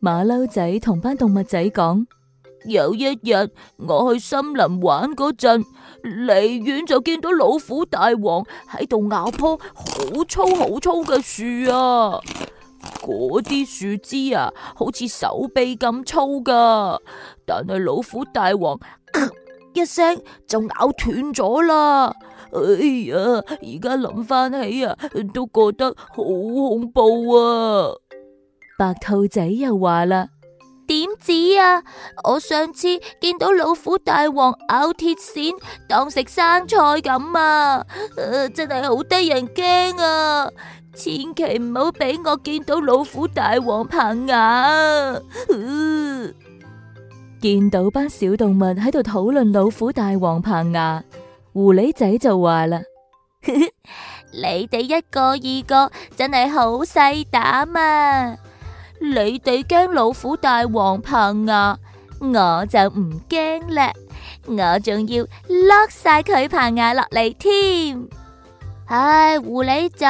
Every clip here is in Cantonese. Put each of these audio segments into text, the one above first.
馬騮仔同班動物仔講：有一日，我去森林玩嗰陣，離遠就見到老虎大王喺度咬棵好粗好粗嘅樹啊！嗰啲樹枝啊，好似手臂咁粗㗎，但係老虎大王，呃、一聲就咬斷咗啦！哎呀，而家諗翻起啊，都覺得好恐怖啊！白兔仔又話啦：點止啊！我上次見到老虎大王咬鐵線，當食生菜咁啊，呃、真係好得人驚啊！千祈唔好俾我見到老虎大王棚牙。呃、見到班小動物喺度討論老虎大王棚牙，狐狸仔就話啦： 你哋一個二個真係好細膽啊！你哋驚老虎大王拍牙，我就唔驚啦，我仲要甩晒佢拍牙落嚟添。唉，狐狸仔，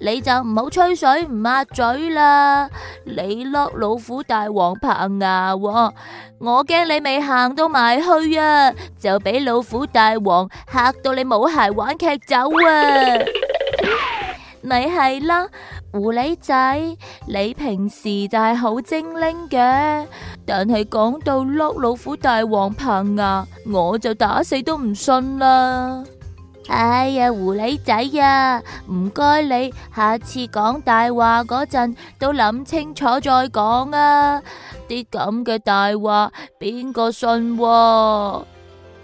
你就唔好吹水唔抹嘴啦。你甩老虎大王拍牙，哦，我驚你未行到埋去啊，就俾老虎大王吓到你冇鞋挽屐走啊。你係 啦。狐狸仔，你平時就係好精靈嘅，但係講到碌老虎大王拔牙，我就打死都唔信啦。哎呀，狐狸仔呀、啊，唔該你，下次講大話嗰陣都諗清楚再講啊。啲咁嘅大話邊個信？啊？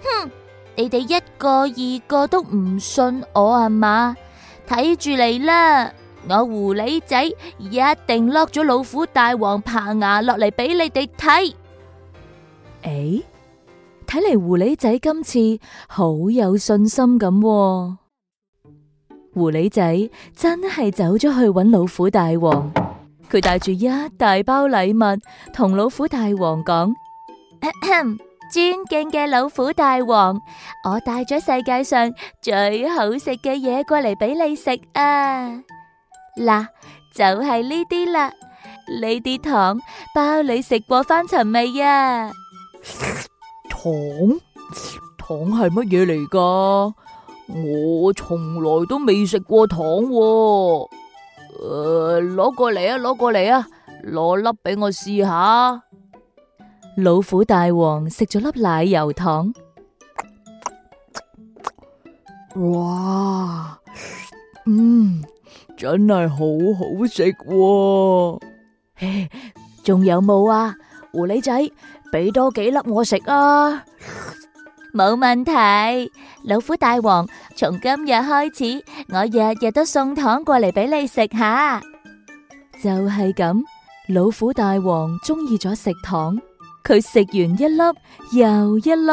哼，你哋一個二個都唔信我啊嘛，睇住你啦。我狐狸仔一定攞咗老虎大王爬牙落嚟俾你哋睇。誒、哎，睇嚟狐狸仔今次好有信心咁，哦。狐狸仔真係走咗去揾老虎大王，佢帶住一大包禮物，同老虎大王講咳喊：尊敬嘅老虎大王，我帶咗世界上最好食嘅嘢過嚟俾你食啊！嗱，就係呢啲啦，呢啲糖包你食過翻尋味啊！糖糖係乜嘢嚟噶？我從來都未食過糖，誒，攞過嚟啊，攞過嚟啊，攞粒俾我試下。老虎大王食咗粒奶油糖，哇，嗯。真係好好食喎，仲有冇啊？狐狸仔，俾多幾粒我食啊！冇問題，老虎大王，從今日開始，我日日都送糖過嚟俾你食下。就係咁，老虎大王中意咗食糖，佢食完一粒又一粒，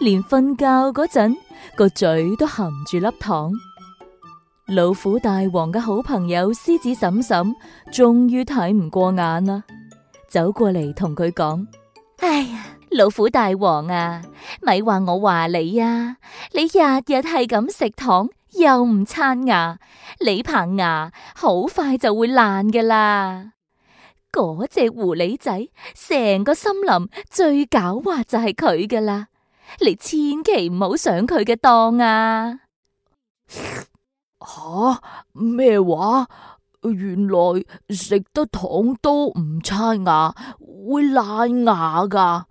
連瞓覺嗰陣，個嘴都含住粒糖。老虎大王嘅好朋友獅子嬸嬸終於睇唔過眼啦，走過嚟同佢講：哎呀，老虎大王啊，咪話我話你呀、啊，你日日係咁食糖又唔刷牙，你棚牙好快就會爛噶啦。嗰隻狐狸仔，成個森林最狡猾就係佢噶啦，你千祈唔好上佢嘅當啊。吓咩、啊、話？原來食得糖多唔刷牙會爛牙噶。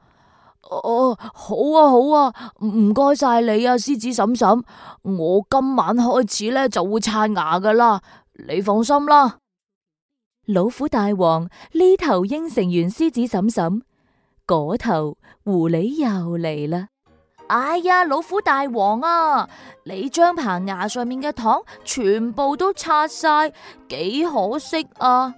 哦、啊，好啊好啊，唔該晒你啊，獅子嬸嬸。我今晚開始咧就會刷牙噶啦，你放心啦。老虎大王呢頭應承完獅子嬸嬸，嗰頭狐狸又嚟啦。哎呀，老虎大王啊！你將棚牙上面嘅糖全部都拆晒，幾可惜啊！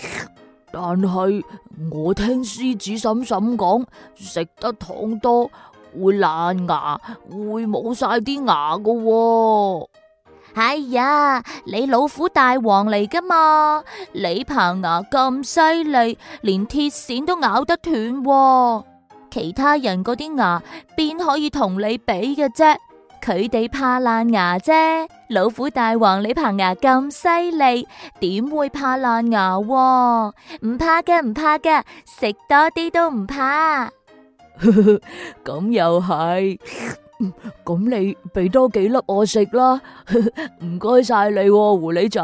但係我聽獅子嬸嬸講，食得糖多會爛牙，會冇晒啲牙嘅、啊。哎呀，你老虎大王嚟噶嘛？你棚牙咁犀利，連鐵線都咬得斷、啊。其他人嗰啲牙，邊可以同你比嘅啫佢哋怕爛牙啫。老虎大王，你棚牙咁犀利，點會怕爛牙唔怕嘅，唔怕嘅，食多啲都唔怕。咁 又係，咁 你俾多幾粒我食啦。唔該晒你，狐狸仔。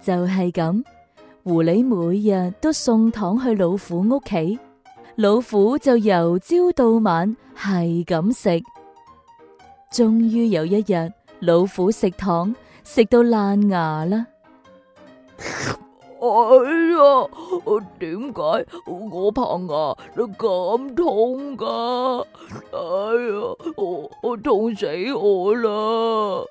就係咁，狐狸每日都送糖去老虎屋企。老虎就由朝到晚係咁食，終於有一日，老虎食糖食到爛牙啦。哎呀，點解我棚牙都咁痛噶？哎呀，我我痛死我啦！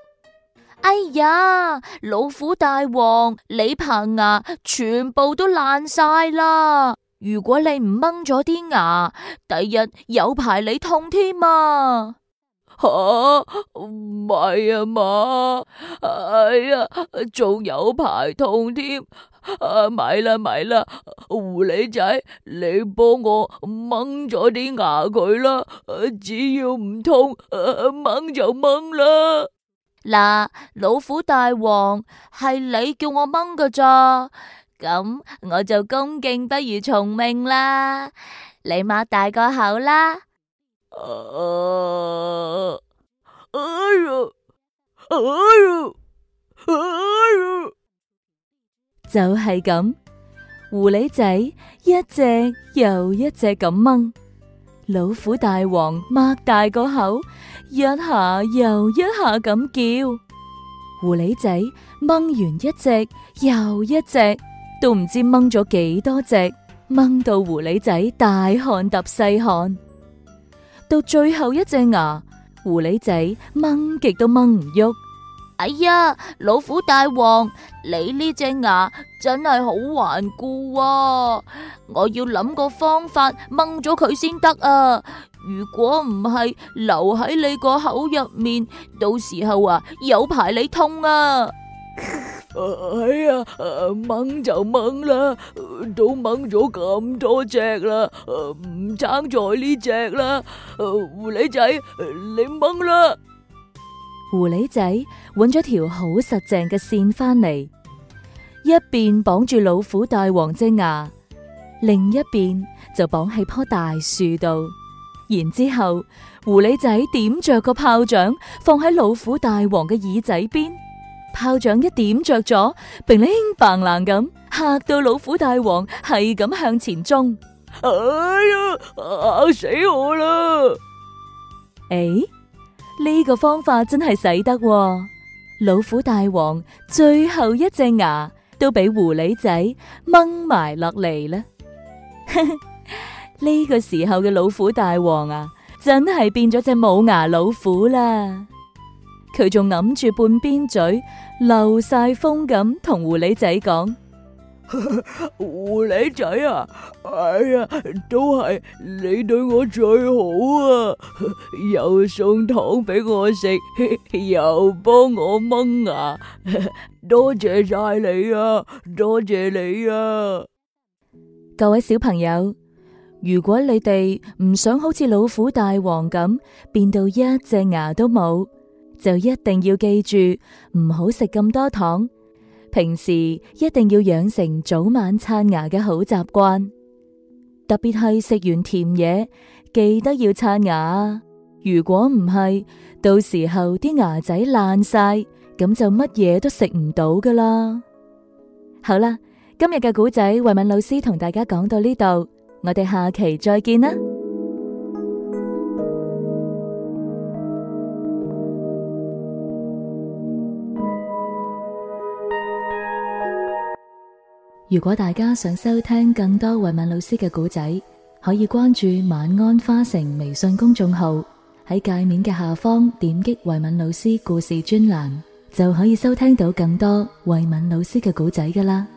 哎呀，老虎大王，你棚牙全部都爛晒啦！如果你唔掹咗啲牙，第日有排你痛添啊！吓，唔係啊嘛，係啊，仲、哎、有排痛添、啊。啊，咪啦咪啦，狐狸仔，你幫我掹咗啲牙佢啦。只要唔痛，掹、啊、就掹啦。嗱、啊，老虎大王，係你叫我掹噶咋？咁我就恭敬不如從命啦，你擘大個口啦。啊，哎呦，哎呦，哎呦，就係咁。狐狸仔一隻又一隻咁掹，老虎大王擘大個口，一下又一下咁叫。狐狸仔掹完一隻又一隻。都唔知掹咗幾多隻，掹到狐狸仔大汗揼細汗，到最後一隻牙，狐狸仔掹極都掹唔喐。哎呀，老虎大王，你呢隻牙真係好頑固啊，我要諗個方法掹咗佢先得啊！如果唔係留喺你個口入面，到時候啊有排你痛啊！ 哎呀，掹就掹啦，都掹咗咁多隻啦，唔爭在呢隻啦。狐狸仔，你掹啦！狐狸仔揾咗條好實淨嘅線翻嚟，一邊綁住老虎大王隻牙，另一邊就綁喺棵大樹度。然之後，狐狸仔點着個炮仗，放喺老虎大王嘅耳仔邊。炮仗一點着咗，乒鈴嘭啷咁，嚇到老虎大王，係咁向前衝。哎呀，嚇死我啦！誒、欸，呢、這個方法真係使得，老虎大王最後一隻牙都俾狐狸仔掹埋落嚟啦。呢 個時候嘅老虎大王啊，真係變咗隻冇牙老虎啦。佢仲揞住半邊嘴。流晒風咁同狐狸仔講， 狐狸仔啊，哎呀，都係你對我最好啊！ 又送糖俾我食， 又幫我掹牙， 多謝晒你啊！多謝你啊！各位小朋友，如果你哋唔想好似老虎大王咁變到一隻牙都冇。就一定要記住唔好食咁多糖，平時一定要養成早晚刷牙嘅好習慣。特別係食完甜嘢，記得要刷牙。如果唔係，到時候啲牙仔爛晒，咁就乜嘢都食唔到㗎喇。好啦，今日嘅古仔，慧敏老師同大家講到呢度，我哋下期再見啦。如果大家想收聽更多慧敏老師嘅故仔，可以關注晚安花城微信公眾號，喺界面嘅下方點擊慧敏老師故事專欄，就可以收聽到更多慧敏老師嘅故仔噶啦。